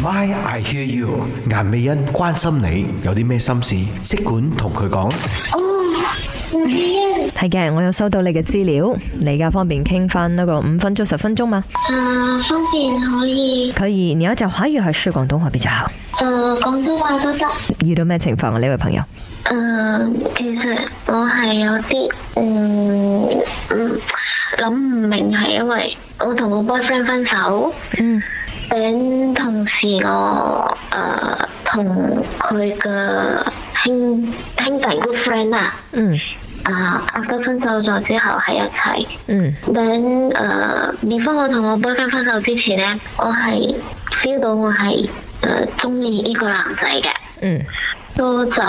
m h y I hear you？顏美欣關心你有啲咩心事，即管同佢講。哦，係嘅，我有收到你嘅資料，你而家方便傾翻呢個五分鐘、十分鐘嘛？誒，uh, 方便可以。可以，而家就可以去說廣東話比較好。誒、uh,，廣東話都得。遇到咩情況啊？呢位朋友？誒，uh, 其實我係有啲，嗯嗯，諗唔明，係因為我同我波 o 分手。嗯。Mm. 等同時，我誒同佢嘅兄兄弟 good friend 啊，嗯，啊，阿哥分手咗之後喺一齊，嗯，等誒，結婚我同我 boyfriend 分手之前咧，我係知道我係誒中意呢個男仔嘅。嗯、mm.，都就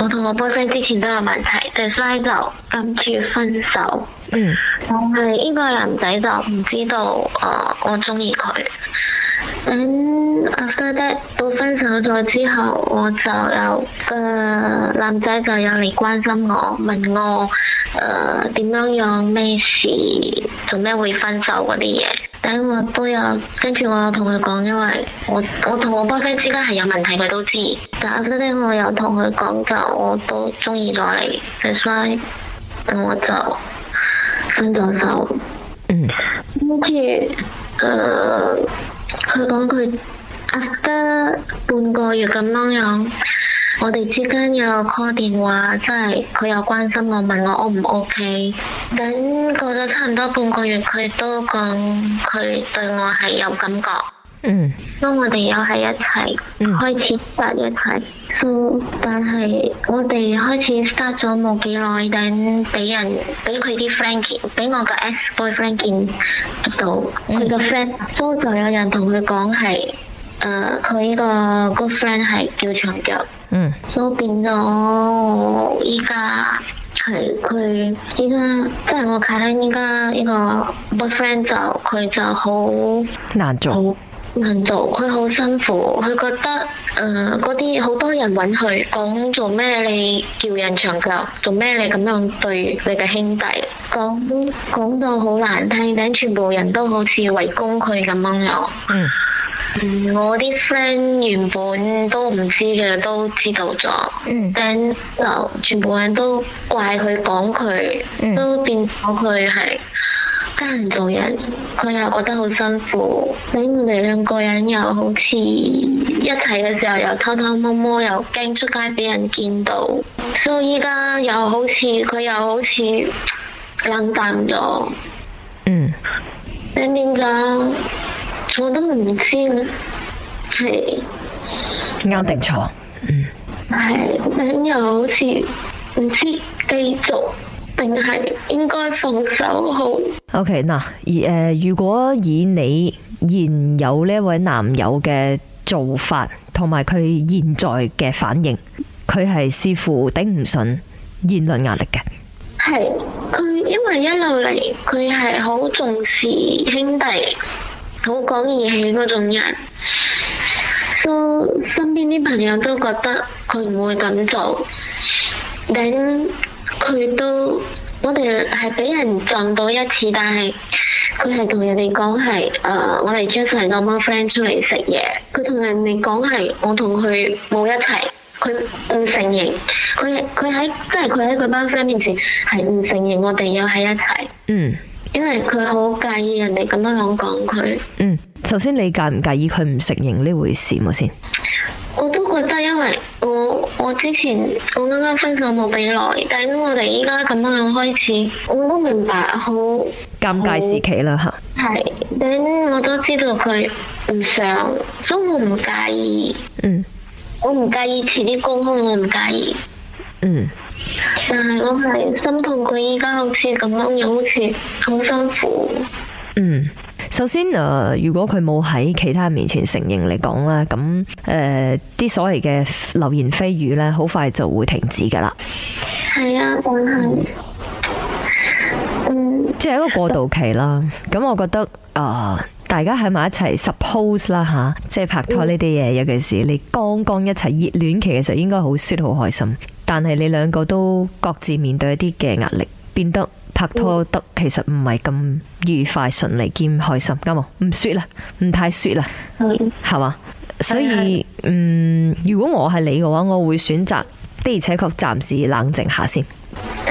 我同我 boyfriend 之前都有問題，但係就諗住分手，嗯，mm. 但係呢個男仔就唔知道誒、呃、我中意佢。等阿嘉嘉到分手咗之後，我就有個男仔就有嚟關心我，問我誒點樣樣咩事，做咩會分手嗰啲嘢。等我都有跟住我又同佢講，因為我我同我表姐之間係有問題，佢都知。但阿嘉嘉我又同佢講就我都中意咗你，所以我就分咗手。跟住誒。佢講佢阿得半個月咁樣樣，我哋之間有 call 電話，即係佢有關心我，問我 O 唔 O K。等過咗差唔多半個月，佢都講佢對我係有感覺。嗯，當我哋又喺一齊、嗯、開始發一齊，嗯、so,，但係我哋開始 start 咗冇幾耐，等俾人俾佢啲 friend 見，俾我個 ex boy friend 見到，佢個 friend，都就有人同佢講係，誒、呃，佢呢個 good friend 係叫長腳，嗯，都、so, 變咗，依家係佢依家，即係我睇到依家呢個 good friend 就佢就好難做。難做，佢好辛苦，佢覺得，誒嗰啲，好多人搵佢，講，做咩你叫人長腳，做咩你咁樣對你嘅兄弟，講講到好難聽，等全部人都好似圍攻佢咁樣咯。Mm. 嗯，我啲 friend 原本都唔知嘅，都知道咗。嗯等就全部人都怪佢講佢，mm. 都變咗佢係。家人做人，佢又覺得好辛苦。你我哋兩個人又好似一齊嘅時候，又偷偷摸摸，又驚出街俾人見到。所以依家又好似佢又好似冷淡咗。嗯。你點講？我都唔知啊。係。啱定錯？嗯。係，你又好似唔知繼續。定係應該放手好？O K 嗱，誒、okay，如果以你現有呢位男友嘅做法同埋佢現在嘅反應，佢係似乎頂唔順言論壓力嘅。係，佢因為一路嚟佢係好重視兄弟，好講義氣嗰種人，都、so, 身邊啲朋友都覺得佢唔會咁做，但。佢都，我哋係俾人撞到一次，但係佢係同人哋講係，誒、呃，我哋一齊個班 friend 出嚟食嘢。佢同人哋講係，我同佢冇一齊，佢唔承認，佢佢喺，即係佢喺佢班 friend 面前係唔承認我哋有喺一齊。嗯，因為佢好介意人哋咁樣講佢。嗯，首先你介唔介意佢唔承認呢回事冇先？我之前我啱啱分手冇幾耐，但係我哋依家咁樣樣開始，我都明白好尷尬時期啦吓。係，但我都知道佢唔想，所以我唔介意。嗯。我唔介意遲啲公開，我唔介意。嗯。但係我係心痛佢依家好似咁樣又好似好辛苦。嗯。首先，誒，如果佢冇喺其他人面前承認嚟講啦，咁誒，啲、呃、所謂嘅流言蜚語咧，好快就會停止噶啦。係啊，就 係，即係一個過渡期啦。咁我覺得，誒、呃，大家喺埋一齊，suppose 啦吓、啊，即係拍拖呢啲嘢，尤其是，你剛剛一齊熱戀期嘅時候，應該好 sweet 好開心。但係你兩個都各自面對一啲嘅壓力，變得。拍拖得其實唔係咁愉快、順利兼開心，啱嗎？唔說啦，唔太說啦，係嘛、mm.？所以，mm. 嗯，如果我係你嘅話，我會選擇，的而且確暫時冷靜下先。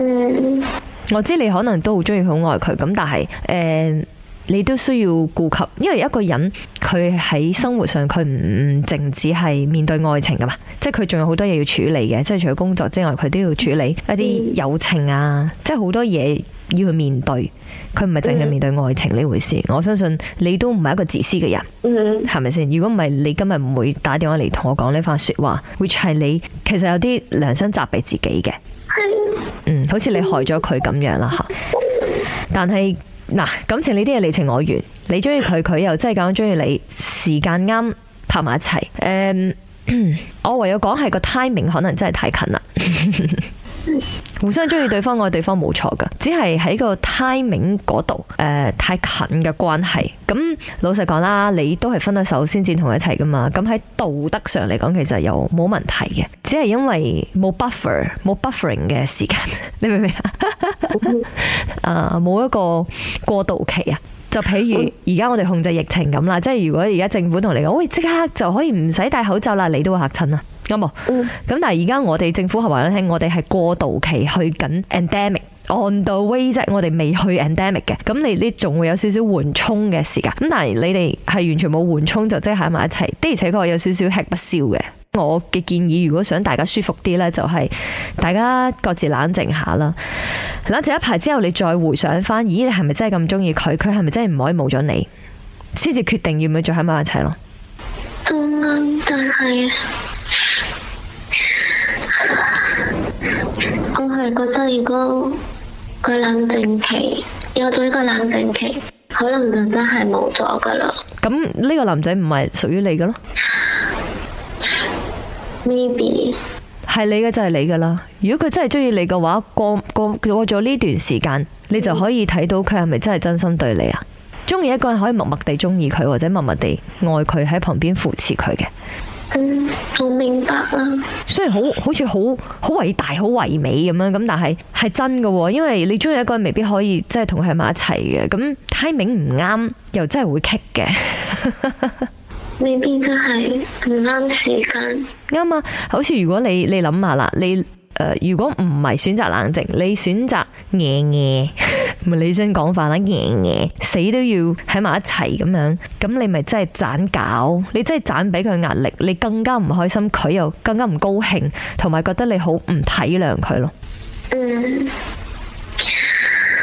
Mm. 我知你可能都好中意佢、好愛佢，咁但係，誒、嗯。你都需要顧及，因為一個人佢喺生活上佢唔淨止係面對愛情噶嘛，即係佢仲有好多嘢要處理嘅，即係除咗工作之外，佢都要處理一啲友情啊，即係好多嘢要去面對。佢唔係淨係面對愛情呢回事。Mm hmm. 我相信你都唔係一個自私嘅人，係咪先？如果唔係，你今日唔會打電話嚟同我講呢番說話、mm hmm.，which 係你其實有啲良心責備自己嘅、mm hmm. 嗯。嗯，好似你害咗佢咁樣啦吓，hmm. 但係。嗱，啊，感情呢啲嘢你情我願，你中意佢，佢又真係咁中意你，時間啱拍埋一齊。誒，uh，我唯有講係個 timing 可能真係太近啦。互相中意對方愛對方冇錯噶，只係喺個 timing 嗰度，誒、呃、太近嘅關係。咁老實講啦，你都係分咗手先至同佢一齊噶嘛。咁喺道德上嚟講，其實又冇問題嘅，只係因為冇 buffer 冇 buffering 嘅時間，你明唔明啊？啊、 呃，冇一個過渡期啊。就譬如而家我哋控制疫情咁啦，即係如果而家政府同你講，喂，即刻就可以唔使戴口罩啦，你都會吓親啊。咁啊，咁、嗯、但係而家我哋政府係話咧，聽我哋係過渡期去緊 endemic on the way 啫，我哋未去 endemic 嘅，咁你你仲會有少少緩衝嘅時間。咁但係你哋係完全冇緩衝，就即係喺埋一齊，的而且確有少少吃不消嘅。我嘅建議，如果想大家舒服啲呢，就係、是、大家各自冷靜下啦，冷靜一排之後，你再回想翻，咦，你係咪真係咁中意佢？佢係咪真係唔可以冇咗你？先至決定要唔要再喺埋一齊咯。都啱，但係。我係覺得如果佢冷靜期，有咗一個冷靜期，可能就真係冇咗噶啦。咁呢個男仔唔係屬於你噶咯？Maybe。係你嘅就係你噶啦。如果佢真係中意你嘅話，過過過咗呢段時間，你就可以睇到佢係咪真係真心對你啊？中意、嗯、一個人可以默默地中意佢，或者默默地愛佢，喺旁邊扶持佢嘅。嗯，好明白啊。雖然好好似好好偉大、好唯美咁樣咁，但係係真噶，因為你中意一個人未必可以即係同佢喺埋一齊嘅。咁 timing 唔啱又真係會 kick 嘅， 未必真係唔啱時間啱啊！好似如果你你諗下啦，你。Uh, 如果唔係選擇冷靜，你選擇嘢嘢，唔 係理想講法啦，嘢 嘢 死都要喺埋一齊咁樣，咁你咪真係盞搞，你真係盞俾佢壓力，你更加唔開心，佢又更加唔高興，同埋覺得你好唔體諒佢咯。Mm.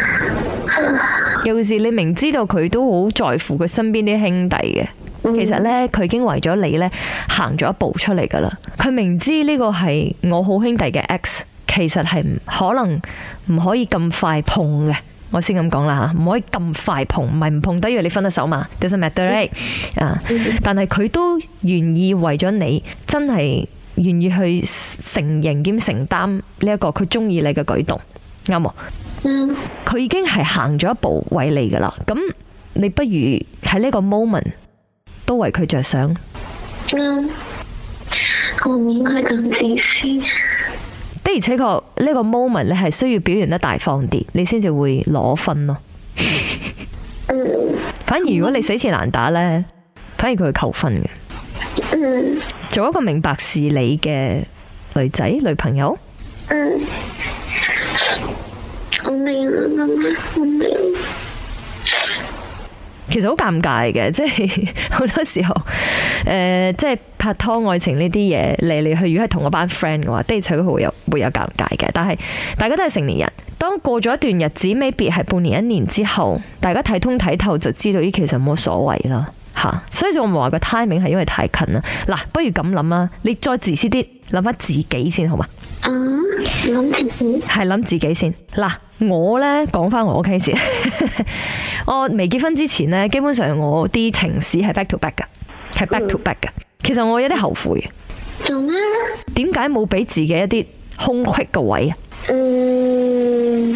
尤其是你明知道佢都好在乎佢身邊啲兄弟嘅。其實咧，佢已經為咗你咧，行咗一步出嚟噶啦。佢明知呢個係我好兄弟嘅 X，其實係可能唔可以咁快碰嘅。我先咁講啦吓，唔可以咁快碰，唔係唔碰，因為你分得手嘛。Doesn't matter,right? 啊，但係佢都願意為咗你，真係願意去承認兼承擔呢一個佢中意你嘅舉動，啱啊。嗯，佢已經係行咗一步為你噶啦。咁你不如喺呢個 moment。都為佢着想。嗯，我唔應該咁自私。的而且確呢個 moment 你係需要表現得大方啲，你先至會攞分咯。 嗯、反而如果你死纏爛打呢，反而佢會扣分嘅。嗯、做一個明白事理嘅女仔女朋友。我明啊媽媽，我明。我明其實好尷尬嘅，即係好多時候，誒、呃，即係拍拖、愛情呢啲嘢嚟嚟去去，如果係同一班 friend 嘅話，的確 會有會有尷尬嘅。但係大家都係成年人，當過咗一段日子，未必係半年、一年之後，大家睇通睇透，就知道呢其實冇所謂啦。吓、啊，所以就我唔話個 timing 係因為太近啦。嗱、啊，不如咁諗啦，你再自私啲諗翻自己先好嘛。啊諗自己係諗自己先嗱，我呢講翻我 case 先。 我未結婚之前呢，基本上我啲情史係 back to back 噶，係 back to back 噶。其實我有啲後悔，做咩嗎？點解冇俾自己一啲空隙嘅位啊？嗯，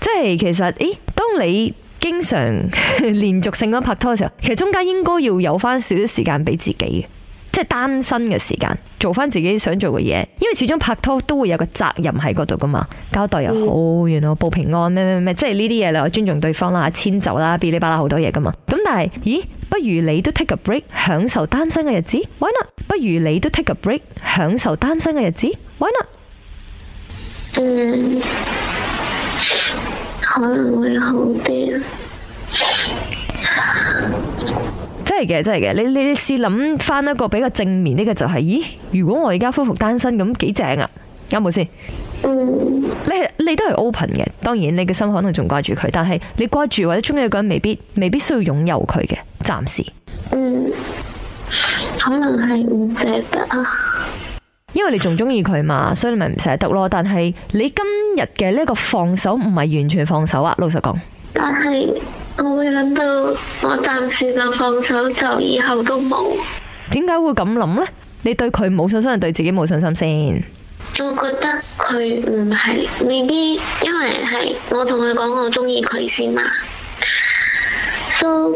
即係其實，誒，當你經常 連續性咁拍拖嘅時候，其實中間應該要有翻少少時間俾自己嘅。即係單身嘅時間，做翻自己想做嘅嘢，因為始終拍拖都會有個責任喺嗰度噶嘛，交代又好，嗯、原來報平安咩咩咩，即係呢啲嘢，你啦，我尊重對方啦，遷就啦，嗶哩吧啦好多嘢噶嘛。咁但係，咦，不如你都 take a break，享受單身嘅日子，Why not？不如你都 take a break，享受單身嘅日子，Why not？嗯，可能會好啲。真係嘅，真係嘅。你你你試諗翻一個比較正面呢個就係、是，咦？如果我而家恢復單身咁幾正啊？有冇先？你你都係 open 嘅，當然你嘅心可能仲掛住佢，但係你掛住或者中意一個人未必未必需要擁有佢嘅，暫時。嗯，可能係唔捨得啊，因為你仲中意佢嘛，所以你咪唔捨得咯。但係你今日嘅呢個放手唔係完全放手啊，老實講。但係我會諗到，我暫時就放手，就以後都冇。點解會咁諗呢？你對佢冇信心，係對自己冇信心先？我覺得佢唔係，未必因為係我同佢講我中意佢先嘛，所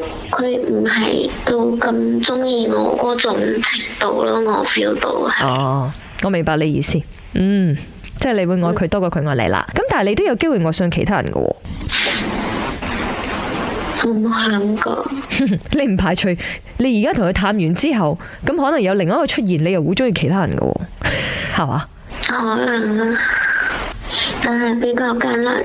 以佢唔係到咁中意我嗰種程度咯，我 feel 到係。哦，我明白你意思。嗯，即係你會愛佢多過佢愛你啦。咁、嗯、但係你都有機會愛上其他人嘅。我冇諗過 你，你唔排除你而家同佢探完之後，咁可能有另一個出現，你又會中意其他人嘅，係嘛？可能啊，但係比較簡單。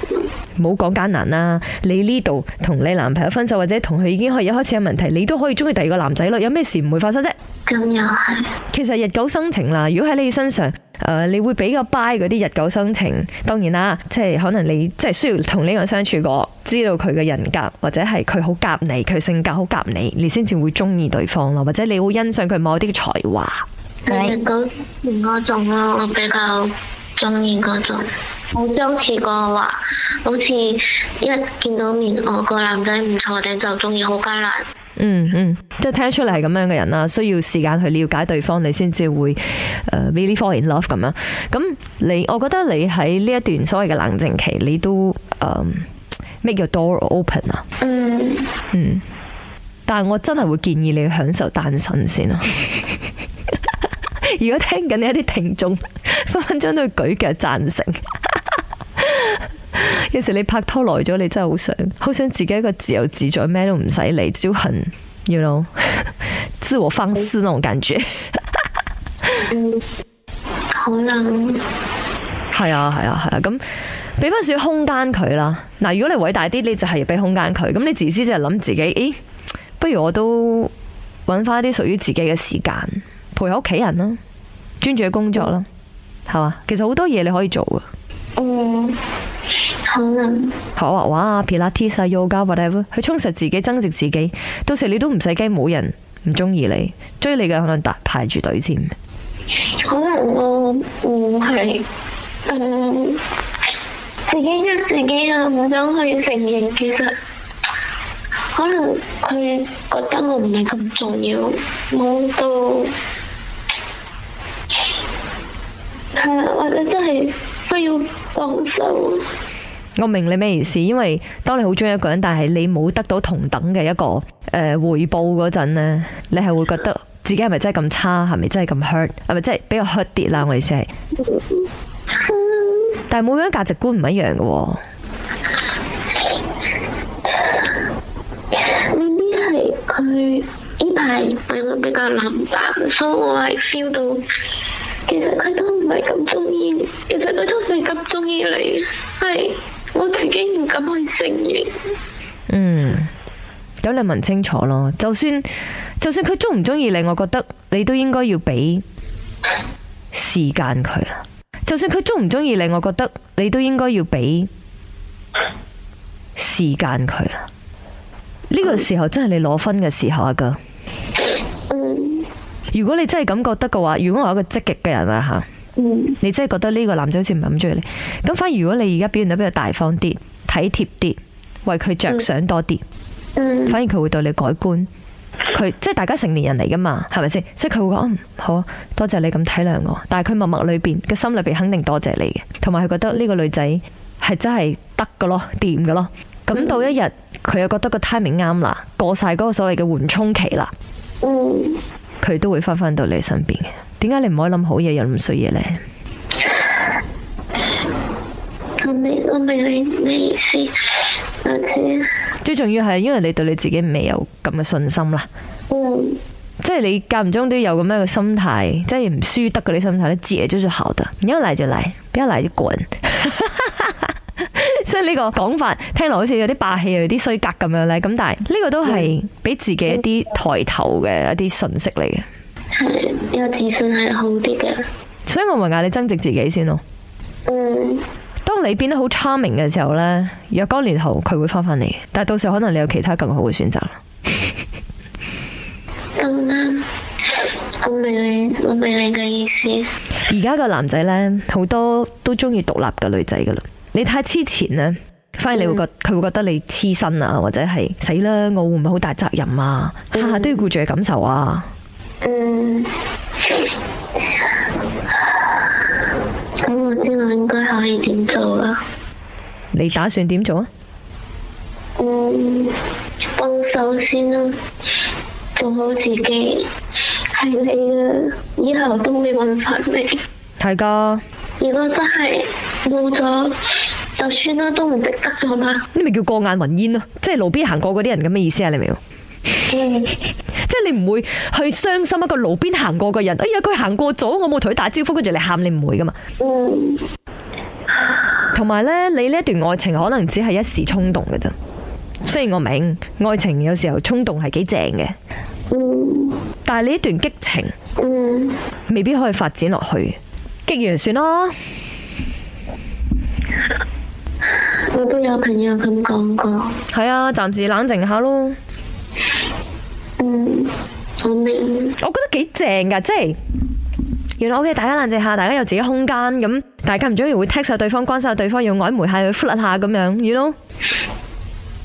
冇講艱難啦，你呢度同你男朋友分手，或者同佢已經可以一開始有問題，你都可以中意第二個男仔咯。有咩事唔會發生啫？咁又係。其實日久生情啦，如果喺你身上，誒、呃、你會比較 buy 嗰啲日久生情。當然啦，即、就、係、是、可能你即係需要同呢個人相處過，知道佢嘅人格，或者係佢好夾你，佢性格好夾你，你先至會中意對方咯。或者你會欣賞佢某啲嘅才華、嗯。日久生情嗰種咯，我比較中意嗰種。好相似嘅話，好似一見到面，我個男仔唔錯嘅，就中意好艱難。嗯嗯，即係聽得出嚟係咁樣嘅人啦，需要時間去了解對方，你先至會誒、uh, really fall in love 咁樣。咁你，我覺得你喺呢一段所謂嘅冷靜期，你都誒 make your door open 啊。嗯嗯，但係我真係會建議你享受單身先啦。 如果聽緊呢一啲聽眾，分分鐘都舉腳贊成。 其時你拍拖來咗，你真係好想，好想自己一個自由自在，咩都唔使理，招恨，you know， 自我放肆嗰種感覺。 嗯、好啦。係啊係啊係啊，咁俾翻少少空間佢啦。嗱，如果你偉大啲，你就係俾空間佢。咁你自私就係諗自己，誒、欸，不如我都搵翻啲屬於自己嘅時間，陪下屋企人啦，專注喺工作啦，係嘛、嗯。其實好多嘢你可以做噶。嗯。可能學畫畫啊，Pilates 啊，Yoga whatever，去充實自己，增值自己。到時你都唔使驚冇人唔中意你，追你嘅可能排排住隊先。可能我唔係，嗯，自己執自己啊，唔想去承認，其實可能佢覺得我唔係咁重要，冇到係啊，或者真係需要放手。我明你咩意思，因為當你好中意一個人，但係你冇得到同等嘅一個誒回報嗰陣呢，你係會覺得自己係咪真係咁差，係咪真係咁 hurt，係咪即係比較 hurt 啲啦，我意思係 。但係每個價值觀唔一樣嘅。呢啲係佢呢排對我比較冷淡，所以我係 feel 到其實佢都唔係咁中意，其實佢都未咁中意你，係。我自己唔敢去承認。嗯，咁你問清楚咯。就算就算佢中唔中意你，我覺得你都應該要俾時間佢啦。就算佢中唔中意你，我覺得你都應該要俾時間佢啦。呢、嗯、個時候真係你攞分嘅時候啊，哥。嗯、如果你真係咁覺得嘅話，如果我係一個積極嘅人啊，吓。你真係覺得呢個男仔好似唔係咁中意你，咁反而如果你而家表現得比較大方啲、體貼啲、為佢着想多啲，嗯、反而佢會對你改觀。佢即係大家成年人嚟噶嘛，係咪先？即係佢會講、嗯，好，多謝你咁體諒我。但係佢默默裏邊嘅心裏邊肯定多謝你嘅，同埋佢覺得呢個女仔係真係得㗎咯、掂㗎咯。咁、嗯、到一日佢又覺得個 timing 啱啦，過晒嗰個所謂嘅緩衝期啦。嗯佢都會翻返到你身邊嘅，點解你唔可以諗好嘢又諗衰嘢呢？Okay. 最重要係，因為你對你自己未有咁嘅信心啦。嗯。即係你間唔中都有咁樣嘅心態，即係唔輸得嗰啲心態，你接就是好的，你要嚟就嚟，不要嚟就滾。 即係呢個講法，聽落好似有啲霸氣，有啲衰格咁樣呢。咁但係呢個都係俾自己一啲抬頭嘅一啲信息嚟嘅，有、這個、自信係好啲嘅。所以我話嗌你增值自己先咯。嗯，當你變得好 charming 嘅時候呢，若干年後佢會翻返嚟，但係到時候可能你有其他更好嘅選擇。啱， 我明你，我明你嘅意思。而家個男仔呢，好多都中意獨立嘅女仔噶啦。你太黐纏咧，反而你會覺佢、嗯、會覺得你黐身啊，或者係死啦，我會唔會好大責任啊，下下都要顧住佢感受啊。嗯，咁我知道我應該可以點做啦。你打算點做啊？嗯，放手先啦，做好自己係你嘅，以後都未搵翻你。係噶的。如果真係冇咗。就算啦，都唔值得噶嘛。呢咪叫過眼雲煙咯，即係路邊行過嗰啲人咁嘅意思啊？嗯、 你明唔明？即係你唔會去傷心一個路邊行過嘅人。哎呀，佢行過咗，我冇同佢打招呼，跟住你喊你唔會噶嘛。同埋、嗯、呢，你呢一段愛情可能只係一時衝動嘅啫。雖然我明愛情有時候衝動係幾正嘅，嗯、但係你一段激情，嗯、未必可以發展落去。激完算啦。 我都有朋友咁講過，係啊，暫時冷靜下咯。嗯，我明。我覺得幾正噶，即係原來 OK，大家冷靜下，大家有自己空間咁，大家唔中意，會踢晒對方，關晒對方，用愛埋下，去忽略下咁樣，係咯。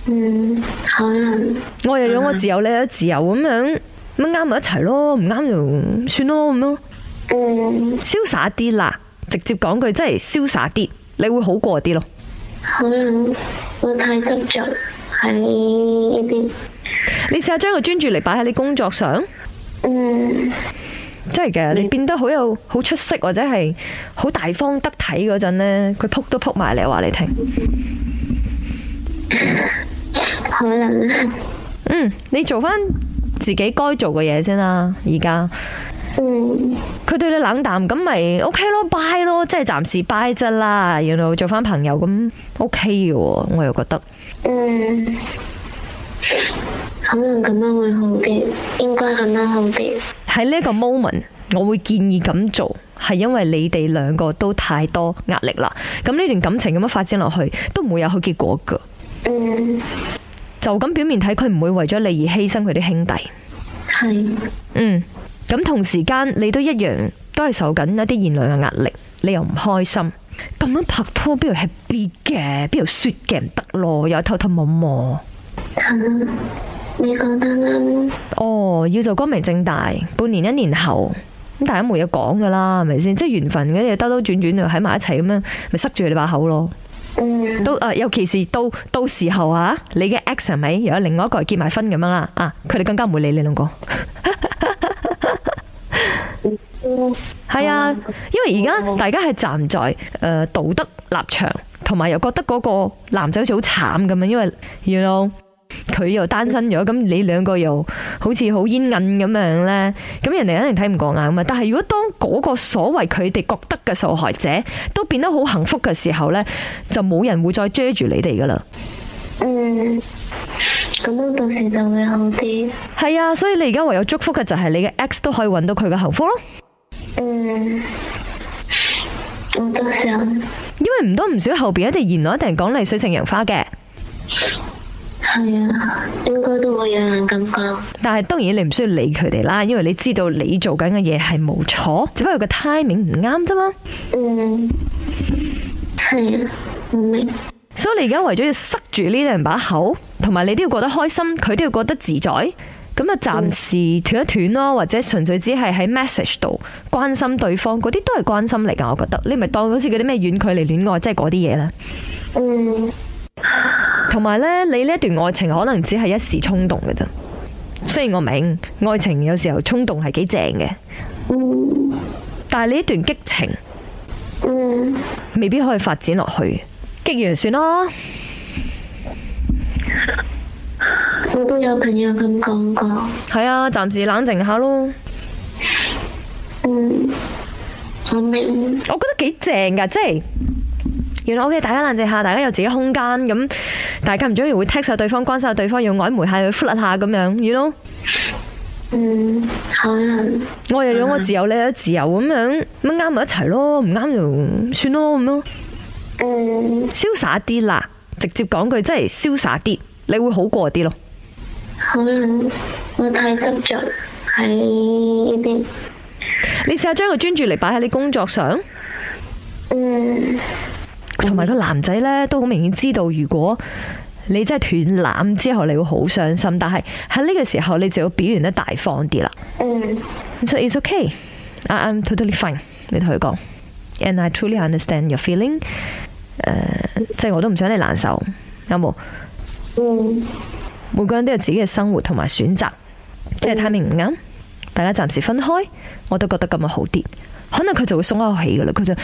嗯，好。我又有我自由，的你有自由咁樣，乜啱咪一齊咯，唔啱就算咯咁咯。嗯。瀟灑啲啦，直接講句，即係瀟灑啲，你會好過啲咯。可能我太急着喺呢邊。你試下將個專注力擺喺你工作上。嗯，真係嘅，嗯，你變得好有好出色或者係好大方得體嗰陣呢，佢撲都撲埋嚟話你聽。可能，嗯，你做翻自己該做嘅嘢先啦，而家。嗯，佢對你冷淡，咁咪 OK 咯，拜咯，即係暫時拜啫啦，原來做翻朋友咁 OK 嘅，我又覺得，嗯，可能咁樣會好啲，應該咁樣好啲。喺呢個 moment，我會建議咁做，係因為你哋兩個都太多壓力啦，咁呢段感情咁樣發展落去，都唔會有好結果噶。嗯，就咁表面睇，佢唔會為咗你而犧牲佢啲兄弟。係是，嗯。咁同時間，你都一樣，都係受緊一啲現量嘅壓力，你又唔開心。咁樣拍拖，邊度係必嘅？邊度說嘅唔得咯？又偷偷摸摸，摸。嗯、哦，要做光明正大，半年一年後，咁大家冇嘢講㗎啦，係咪先？即係緣分嗰啲兜兜轉轉又喺埋一齊咁樣，咪塞住你把口咯。嗯、都啊、呃，尤其是到到時候啊，你嘅 ex 係咪又有另外一個人結埋婚咁樣啦？啊，佢哋更加唔會理你，你兩個。 係啊，因為而家大家係站在誒、呃、道德立場，同埋又覺得嗰個男仔好似好慘咁啊，因為佢 you know, 又單身咗，咁 你兩個又好似好煙韌咁樣呢。咁人哋肯定睇唔過眼啊嘛。但係如果當嗰個所謂佢哋覺得嘅受害者都變得好幸福嘅時候呢，就冇人會再追住你哋噶啦。嗯，咁樣到時就會好啲。係啊，所以你而家唯有祝福嘅就係你嘅 X 都可以揾到佢嘅幸福咯。嗯，我都想。因為唔多唔少後邊一定言論，一定講你水性楊花嘅。係啊，應該都會有人咁講。但係當然你唔需要理佢哋啦，因為你知道你做緊嘅嘢係冇錯，只不過個 timing 唔啱啫嘛。嗯，係啊，嗯。所以、so, 你而家為咗要塞住呢兩把口，同埋你都要覺得開心，佢都要覺得自在，咁啊暫時斷一斷咯，或者純粹只係喺 message 度關心對方，嗰啲都係關心嚟噶。我覺得你咪當好似嗰啲咩遠距離戀愛，即係嗰啲嘢呢？同埋、嗯、呢，你呢段愛情可能只係一時衝動嘅啫。雖然我明愛情有時候衝動係幾正嘅，嗯、但係你呢段激情，未必可以發展落去。激完算咯，我都有朋友咁講過。係啊，暫時冷靜下咯。嗯，好明。我覺得幾正噶，即係原來我哋大家冷靜下，大家有自己空間，咁大家唔中意會踢晒對方，關晒下對方，用曖昧下，去忽下咁樣，係咯。嗯、哦，好、哦。我又有我自，自由，你有自由咁樣，乜啱咪一齊咯，唔啱就算咯咁咯。瀟灑啲啦，直接講句，即係瀟灑啲，你會好過啲咯。好，我太心急喺呢邊。你試下將個專注力擺喺你工作上。嗯。同埋個男仔呢，都好明顯知道，如果你真係斷纜之後，你會好傷心。但係喺呢個時候，你就要表現得大方啲啦。嗯。So it's okay. I'm totally fine. 你同佢講，and I truly understand your feeling. 誒，即係我都唔想你難受，有冇？嗯，每個人都有自己嘅生活同埋選擇，即係 timing 唔啱，大家暫時分開，我都覺得咁樣好啲。可能佢就會鬆一口氣噶啦，佢就，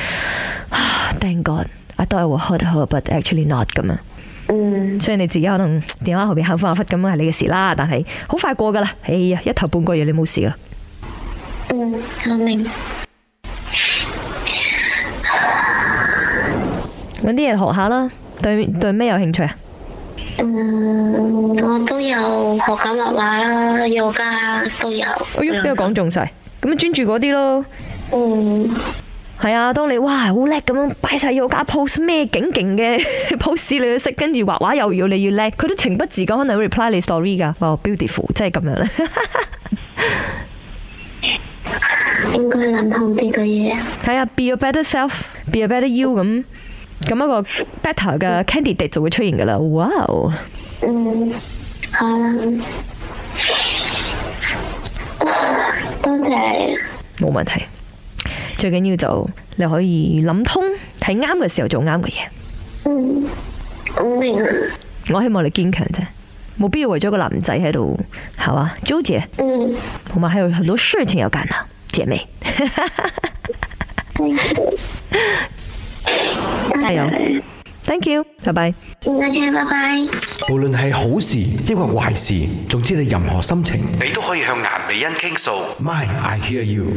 啊，damn god，I thought I would hurt her but actually not 咁啊。嗯，所以你自己可能電話後邊喊翻阿忽咁樣係你嘅事啦，但係好快過噶啦，哎呀，一頭半個月你冇事啦。嗯，好明。搵啲嘢學下啦，對對咩有興趣啊？嗯，我都有學緊畫畫啦，yoga 都有。哎喲，邊個講中晒，咁專、嗯、注嗰啲咯。嗯，係啊，當你哇好叻咁樣擺晒 yoga pose，咩景勁嘅 pose 你都識，跟住畫畫又越嚟越叻，佢都情不自禁可能 reply 你 story 噶，哇，beautiful，真係咁樣。 應該諗好啲嘅嘢。睇下、啊、，be a better self，be a better you 咁。咁一個 better 嘅 candidate 就會出現噶啦，哇、wow!！嗯，係、啊啊，多謝，冇問題。最緊要就你可以諗通，睇啱嘅時候做啱嘅嘢。嗯，我，我希望你堅強啫，冇必要為咗個男仔喺度，係嘛、啊、？Jo 姐，同埋咪還有很多事情要幹呢，姐妹。 加油 ，Thank you，拜拜。再見，拜拜。無論係好事抑或壞事，總之你任何心情， 你都可以向顏美欣傾訴。My，I hear you。